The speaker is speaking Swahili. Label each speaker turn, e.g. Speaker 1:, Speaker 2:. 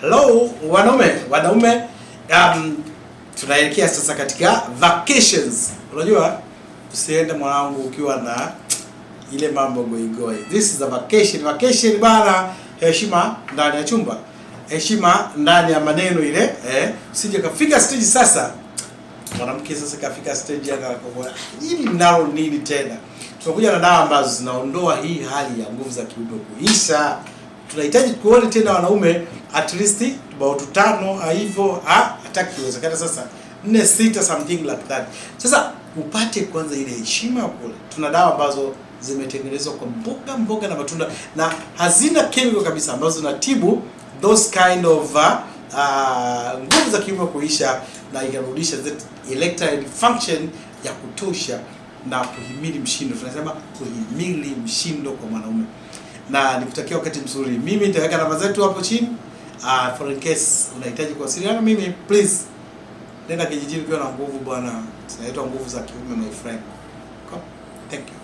Speaker 1: Hello wanaume, wanaume um, tunaelekea sasa katika vacations. Unajua, usiende mwanangu ukiwa na ile mambo goigoi. This is a vacation. Vacation bana, heshima ndani ya chumba, heshima ndani ya maneno ile eh. Usije kafika stage sasa, mwanamke sasa kafika stage anakuona hili nalo nini tena. Tunakuja na dawa ambazo zinaondoa hii hali ya nguvu za kiume kuisha tunahitaji kuone tena wanaume at least about tano ah, hivyo, ah, hata kiwezekana sasa nne sita, something like that. Sasa upate kwanza ile heshima kule. Tuna dawa ambazo zimetengenezwa kwa mboga mboga na matunda na hazina chemical kabisa, ambazo zinatibu those kind of ah, nguvu uh, za kiume kuisha na ikarudisha erectile function ya kutosha na kuhimili mshindo. Tunasema kuhimili mshindo kwa mwanaume na nikutakia wakati mzuri. Mimi nitaweka namba zetu hapo chini. Ah, for in case unahitaji kuwasiliana mimi, please nenda kijijini ukiwa na nguvu bwana, zinaitwa nguvu za kiume my friend. Come. Thank you.